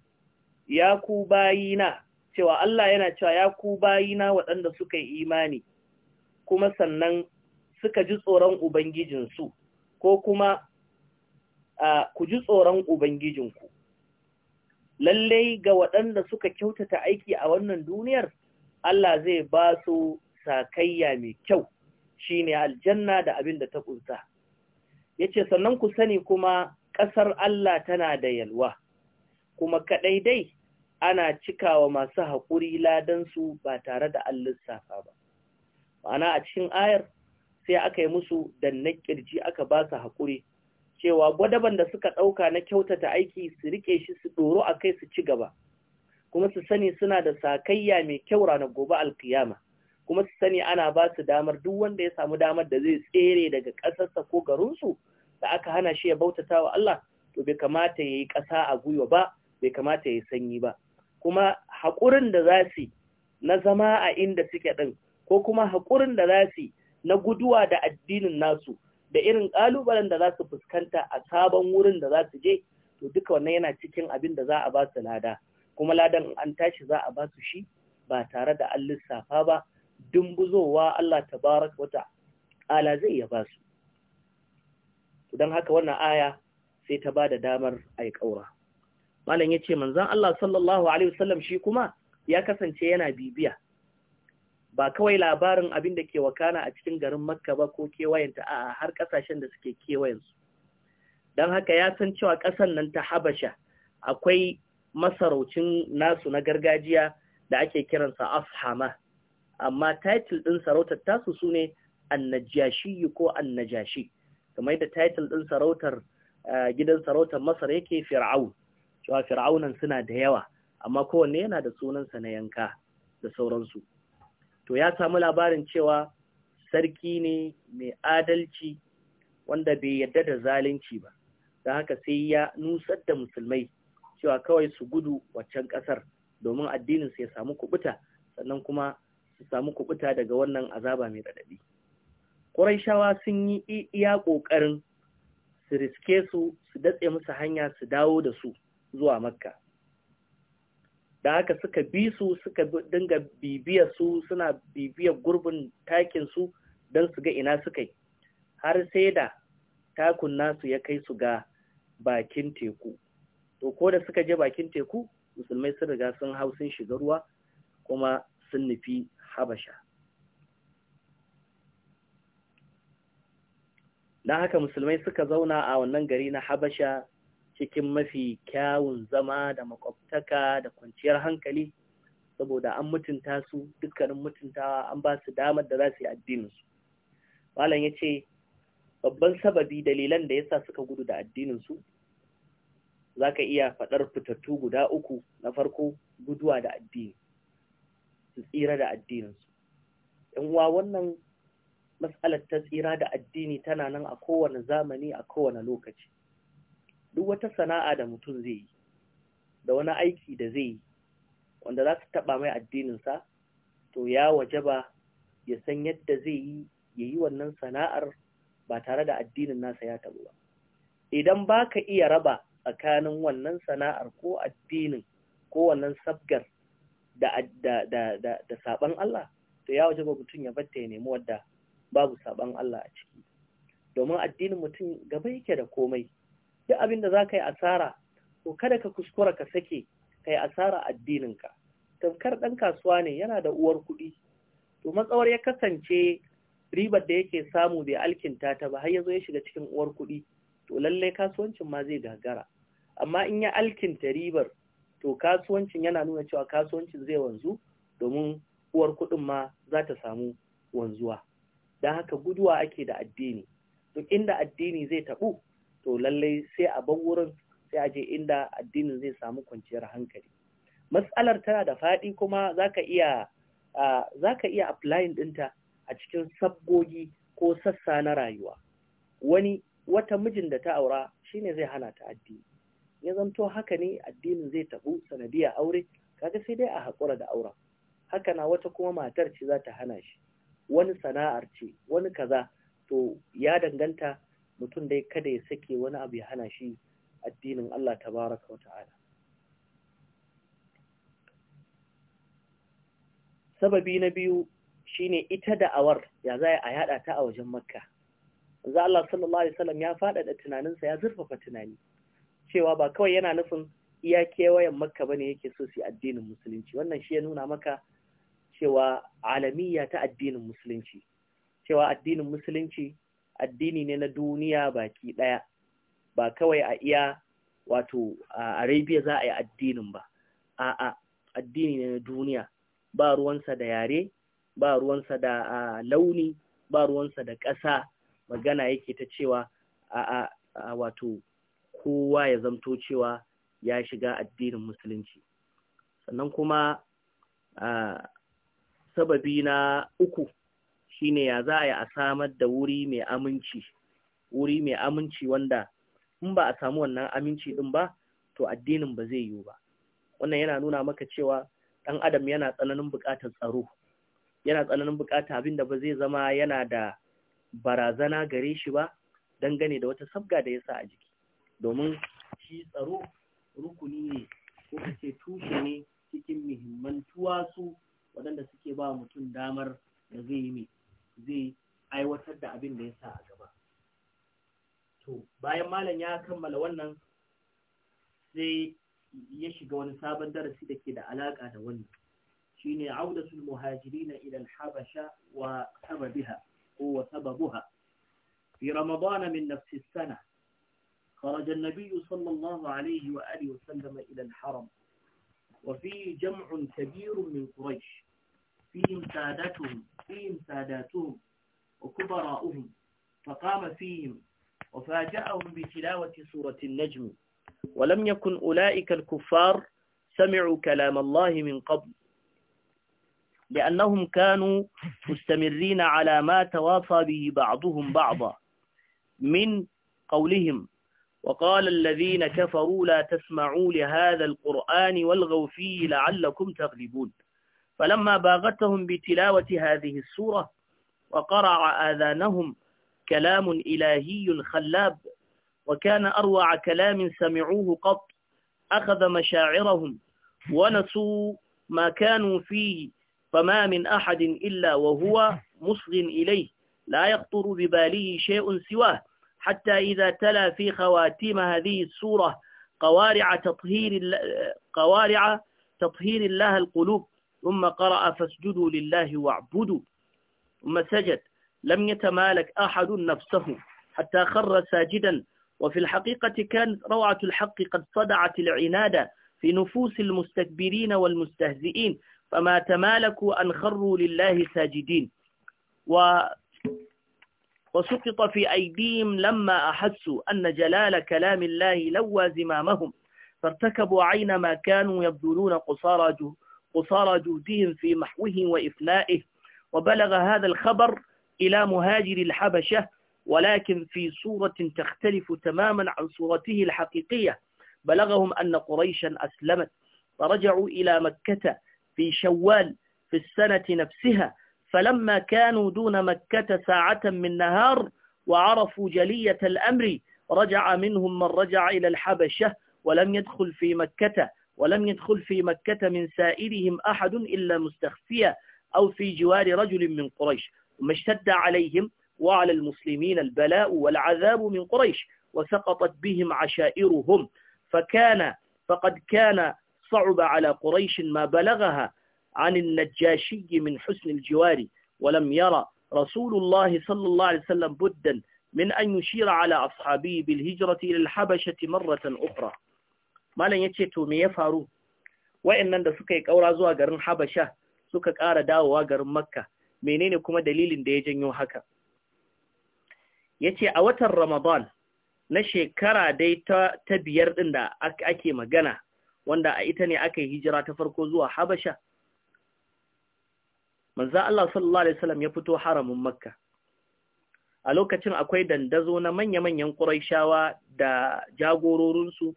ya ku bayina cewa Allah yana cewa ya ku bayina waɗanda suka yi imani kuma sannan suka ji tsoron ubangijinsu ko kuma ku ji tsoron ubangijinku lallai ga waɗanda suka kyautata aiki a wannan duniyar Allah zai ba su sakayya mai kyau shine aljanna da abin da ta kunsa yace sannan ku sani kuma ƙasar Allah tana da yalwa kuma kaɗai dai ana cikawa masu haƙuri su ba tare da an lissafa ba ma'ana a cikin ayar sai aka yi musu danna kirji aka ba su haƙuri cewa gwadaban da suka ɗauka na kyautata aiki su riƙe shi su ɗoro a kai su ci gaba kuma su sani suna da sakayya mai kyau ranar gobe alkiyama kuma su sani ana ba su damar duk wanda ya samu damar da zai tsere daga ƙasarsa ko garinsu da aka hana shi ya bautata wa Allah to bai kamata ya yi ƙasa a gwiwa ba bai kamata ya yi sanyi ba kuma haƙurin da za su na zama a inda suke ɗin ko kuma haƙurin da za su na guduwa da addinin nasu da irin ƙalubalen da za su fuskanta a sabon wurin da za su je to duka wannan yana cikin abin da za a ba su lada kuma ladan an tashi za a ba su shi ba tare da an lissafa ba dumbuzowa Allah Ta barak wata ala zai ya ba su don haka wannan aya sai ta ba da damar yi ƙaura. malam ce manzon Allah sallallahu alaihi wasallam shi kuma ya kasance yana bibiya ba kawai labarin abin da ke wakana a cikin garin Makka ba ko kewayenta a har ƙasashen da suke kewayensu don haka ya san cewa ƙasan nan ta Habasha akwai masaraucin nasu na gargajiya da ake kiransa Afhama amma title ɗin sarautar tasu sune ne annajashi ko annajashi kamar yadda title ɗin sarautar eh, gidan sarautar masar yake fir'aun cewa fir'aunan suna da yawa amma kowanne yana da sunansa na yanka da sauransu to ya samu labarin cewa sarki ne mai adalci wanda bai yadda da zalunci ba da haka sai ya nusar da musulmai cewa kawai su gudu waccan ƙasar domin addinin su ya samu kubuta sannan kuma su samu kubuta daga wannan azaba mai radadi shawa sun yi iya kokarin su riske su su datse musu hanya su dawo da su zuwa Makka da haka suka bi su suka dinga bibiya su suna bibiya gurbin takinsu don su ga ina suka yi har sai da takun nasu ya kai su ga bakin teku to ko da suka je bakin teku musulmai sun riga sun hau sun shiga ruwa kuma sun nufi habasha don haka musulmai suka zauna a wannan gari na habasha cikin mafi kyawun zama da makwabtaka da kwanciyar hankali saboda an mutunta su dukkanin mutuntawa an ba su damar da za su yi addininsu malam ya ce babban sababi dalilan da yasa suka gudu da addininsu za ka iya faɗar fitattu guda uku na farko guduwa da addini su tsira da addininsu in wa wannan matsalar ta tsira da addini tana nan a kowane zamani a kowane lokaci duk wata sana'a da mutum zai yi da wani aiki da zai yi wanda za su taɓa mai addininsa to ya waje ba ya san yadda zai yi ya yi wannan sana'ar ba tare da addinin nasa ya taɓa ba idan ba ka iya raba tsakanin wannan sana'ar ko addinin ko wannan sabgar da da da da da saban Allah to ya waje ba mutum ya batta ya nemi wadda babu saban Allah a ciki domin addinin mutum gaba yake da komai duk abin da ka yi asara to kada ka kuskura ka sake kai asara addininka tamkar dan kasuwa ne yana da uwar kuɗi to matsawar ya kasance ribar da yake samu bai alkinta ta ba har ya zo ya shiga cikin uwar kuɗi to lallai kasuwancin ma zai gagara amma in ya alkinta ribar to kasuwancin yana nuna cewa kasuwancin zai wanzu domin uwar kuɗin ma za ta samu wanzuwa don haka guduwa ake da addini to inda addini zai taɓu to lallai sai a bar wurin sai a je inda addinin zai samu kwanciyar hankali matsalar tana da faɗi kuma za iya za ka iya applying ɗinta a cikin sabgogi ko sassa na rayuwa wani wata mijin da ta aura shine zai hana ta addini ya zanto haka ne addinin zai tabu sanadiyar aure kaga sai dai a haƙura da auren haka na wata kuma matar ce za ta hana shi wani sana'ar ce wani kaza to ya danganta mutum dai kada ya sake wani abu ya hana shi addinin Allah tabaraka wa ta'ala sababi na biyu shine ita da'awar ya za a yada ta a wajen makka za Allah sallallahu alaihi wasallam ya faɗaɗa tunaninsa ya zurfafa tunani cewa ba kawai yana nufin iya kewayen makka bane yake so su addinin musulunci wannan shi ya nuna maka cewa alamiya ta addinin musulunci cewa addinin musulunci addini ne na duniya baki daya ba kawai a iya wato arabia za a yi addinin ba a'a addini ne na duniya ba ruwansa da yare ba ruwansa da launi ba ruwansa da ƙasa magana yake ta cewa a wato kowa ya zamto cewa ya shiga addinin musulunci sannan kuma sababi na uku shine ya za a yi a samar da wuri mai aminci wuri mai aminci wanda in ba a samu wannan aminci din ba to addinin ba zai yiwu ba wannan yana nuna maka cewa ɗan adam yana tsananin buƙatar tsaro yana tsananin buƙatar abin da ba zai zama yana da barazana gare shi ba dangane da wata sabga da ya sa a jiki domin shi tsaro rukuni ne ko tushe ne cikin muhimman tuwasu waɗanda suke ba mutum damar da zai yi zai aiwatar da abin da ya sa a gaba to bayan malam ya kammala wannan sai ya shiga wani sabon darasi da ke da alaƙa da wannan shine audatul muhajirina na idan habasha wa sababiha ko wa sababuha fi ramadana min nafsi خرج النبي صلى الله عليه وآله وسلم إلى الحرم وفيه جمع كبير من قريش فيهم ساداتهم فيهم ساداتهم وكبراؤهم فقام فيهم وفاجأهم بتلاوة سورة النجم ولم يكن أولئك الكفار سمعوا كلام الله من قبل لأنهم كانوا مستمرين على ما تواصى به بعضهم بعضا من قولهم وقال الذين كفروا لا تسمعوا لهذا القرآن والغوا فيه لعلكم تغلبون فلما باغتهم بتلاوة هذه السورة وقرع آذانهم كلام إلهي خلاب وكان أروع كلام سمعوه قط أخذ مشاعرهم ونسوا ما كانوا فيه فما من أحد إلا وهو مصغ إليه لا يخطر بباله شيء سواه حتى إذا تلا في خواتيم هذه السورة قوارع تطهير قوارع تطهير الله القلوب ثم قرأ فاسجدوا لله واعبدوا ثم سجد لم يتمالك أحد نفسه حتى خر ساجدا وفي الحقيقة كانت روعة الحق قد صدعت العناد في نفوس المستكبرين والمستهزئين فما تمالكوا أن خروا لله ساجدين و وسقط في أيديهم لما أحسوا أن جلال كلام الله لوى زمامهم فارتكبوا عين ما كانوا يبذلون قصارى قصارى جهدهم في محوه وإفنائه وبلغ هذا الخبر إلى مهاجر الحبشة ولكن في صورة تختلف تماما عن صورته الحقيقية بلغهم أن قريشا أسلمت فرجعوا إلى مكة في شوال في السنة نفسها فلما كانوا دون مكة ساعة من نهار وعرفوا جلية الأمر رجع منهم من رجع إلى الحبشة ولم يدخل في مكة ولم يدخل في مكة من سائرهم أحد إلا مستخفية أو في جوار رجل من قريش ثم اشتد عليهم وعلى المسلمين البلاء والعذاب من قريش وسقطت بهم عشائرهم فكان فقد كان صعب على قريش ما بلغها عن النجاشي من حسن الجوار ولم يرى رسول الله صلى الله عليه وسلم بدا من أن يشير على أصحابه بالهجرة إلى الحبشة مرة أخرى ما لن يتشتوا من يفعلوا وإن da suka yi ƙaura zuwa garin Habasha suka ƙara dawowa garin Makka menene kuma dalilin da ya janyo haka yace a watan Ramadan na shekara dai ta, biyar ɗin da ake magana wanda a ita ne aka yi hijira ta farko zuwa Habasha manzo Allah sallallahu alaihi wasallam ya fito haramin makka a lokacin akwai dandazo na manya-manyan ƙuraishawa da jagororinsu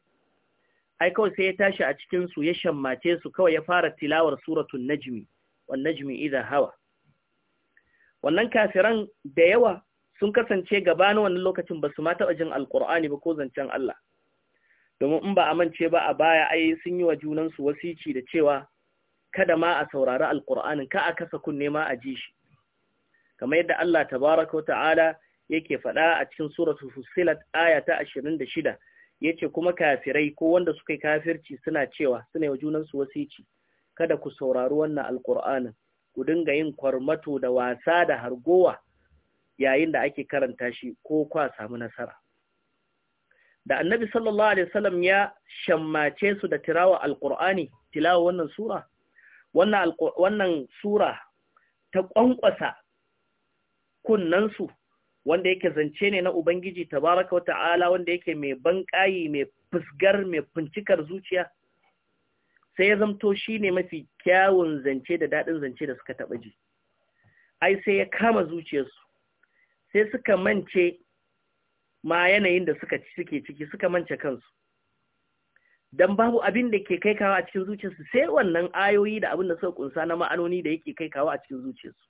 ai kawai sai ya tashi a cikinsu ya shammace su kawai ya fara tilawar suratun najmi wan najmi idan hawa wannan kafiran da yawa sun kasance gabanin wannan lokacin ba su ma taɓa jin alƙur'ani ba ko zancen Allah domin in ba amince ba a baya ai sun yi wa junansu wasici da cewa kada ma a saurari alƙur'anin ka a kasa kunne ma a ji shi kamar yadda Allah tabaraka wa ta'ala yake faɗa a cikin suratul fusilat aya ta 26 yace kuma kafirai ko wanda suka yi kafirci suna cewa suna yi junan su wasici kada ku saurari wannan alƙur'anin ku dinga yin kwarmato da wasa da hargowa yayin da ake karanta shi ko kwa samu nasara da annabi sallallahu alaihi wasallam ya shammace su da tirawa alqur'ani tilawa wannan sura wannan sura ta ƙwanƙwasa kunnansu wanda yake zance ne na ubangiji tabaraka wa ta'ala wanda yake mai banƙayi mai fusgar mai fincikar zuciya sai ya zamto shi ne mafi kyawun zance da daɗin zance da suka taɓa ji ai sai ya kama zuciyarsu sai suka mance ma yanayin da suka suke ciki suka mance kansu dan babu abin da ke kai kawo a cikin zuciyarsu sai wannan ayoyi da abin da suka kunsa na ma'anoni da yake kai kawo a cikin zuciyarsu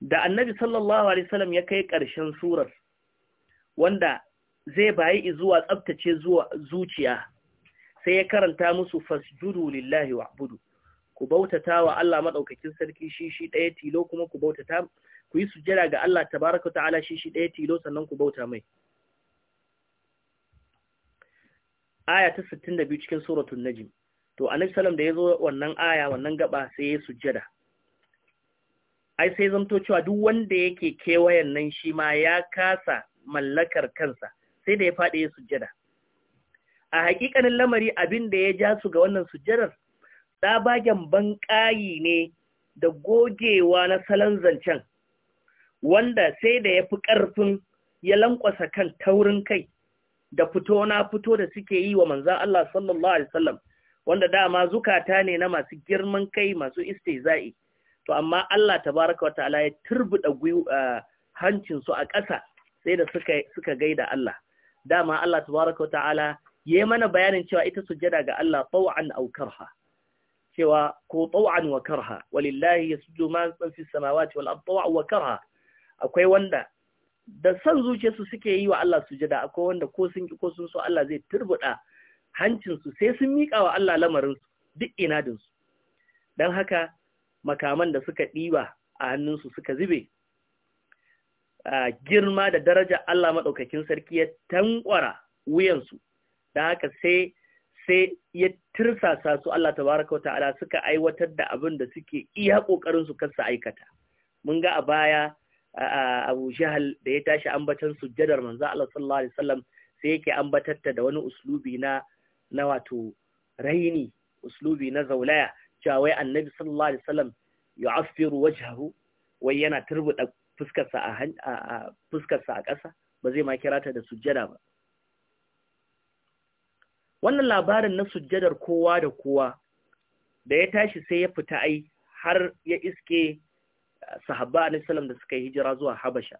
da annabi sallallahu alaihi wasallam ya kai karshen surar wanda zai bayi zuwa tsaftace zuwa zuciya sai ya karanta musu fasjudu lillahi wa'budu ku bautata wa Allah madaukakin sarki shi shi daya tilo kuma ku bautata ku yi sujjada ga Allah tabaraka ta'ala shi shi ɗaya tilo sannan ku bauta mai aya ta 62 cikin suratul najm to annabi sallam da yazo wannan aya wannan gaba sai ya sujjada ai sai zamto cewa duk wanda yake kewayen nan shi ma ya kasa mallakar kansa sai da ya faɗi ya sujjada a hakikanin lamari abin da ya ja su ga wannan sujjadar tsabagen banƙayi ne da gogewa na salon zancen wanda sai da ya fi ƙarfin ya lankwasa kan taurin kai da fito na fito da suke yi wa manzan Allah sallallahu Alaihi wasallam wanda dama zukata ne na masu girman kai masu za'i. to amma Allah tabaraka wa ta'ala ya turbuda eh, hancin su a ƙasa sai da suka suka gaida Allah dama Allah tabaraka wa ta'ala yayi mana bayanin cewa ita jada ga Allah taw'an aw karha cewa ko taw'an wa karha walillahi yasjudu man fi samawati wal taw'an wa akwai wanda da son zuciyarsu suke yi wa Allah sujada akwai wanda ko sun ki ko sun so Allah zai turbuda hancinsu sai sun miƙa wa Allah lamarinsu duk inadinsu don haka makaman da suka ɗiba a hannunsu suka zube girma da daraja Allah maɗaukakin sarki ya tankwara wuyansu don haka sai sai ya tirsasa su Allah tabaraka wa ta'ala suka aiwatar da abin da suke iya ƙoƙarinsu su su aikata mun ga a baya Abu Jahal da ya tashi ambatan sujjadar manzo Allah sallallahu alaihi wasallam sai yake ambatatta da wani uslubi na na wato raini uslubi na zaulaya cewa wai annabi sallallahu alaihi wasallam yu'affiru wajhahu wai yana turbuda fuskarsa a fuskarsa a ƙasa ba zai ma kira da sujjada ba wannan labarin na sujjadar kowa da kowa da ya tashi sai ya fita ai har ya iske sahabba a da suka yi hijira zuwa habasha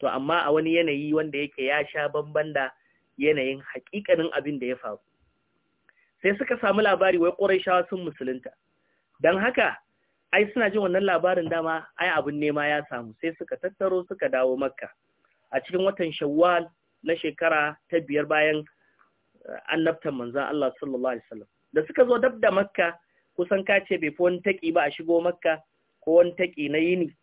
to amma a wani yanayi wanda yake ya sha bamban da yanayin hakikanin abin da ya faru sai suka samu labari wai ƙorashawa sun musulunta don haka ai suna jin wannan labarin dama ai abin nema ya samu sai suka tattaro suka dawo makka a cikin watan shawwal na shekara ta biyar bayan eh, annabtan manzan Allah sallallahu alaihi wasallam da suka zo dab da makka kusan kace bai fi wani taki ba a shigo makka ko wani taƙi na yini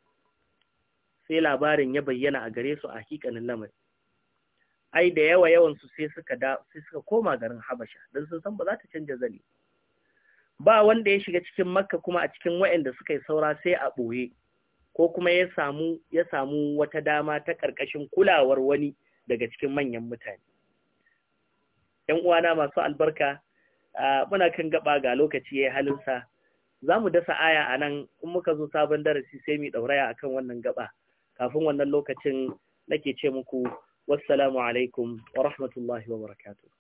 sai labarin ya bayyana a gare su a hikanin lamari ai da yawa yawansu sai suka suka koma garin habasha don sun san ba za ta canja zane ba wanda ya shiga cikin makka kuma a cikin wayanda suka yi saura sai a ɓoye ko kuma ya samu ya samu wata dama ta ƙarƙashin kulawar wani daga cikin manyan mutane ‘yan uwana masu albarka muna kan gaba ga lokaci ya yi halinsa za mu dasa aya a nan in muka zo sabon darasi sai mu ɗauraya a kan wannan gaba kafin wannan lokacin nake ce muku wassalamu alaikum wa rahmatullahi wa barakatuh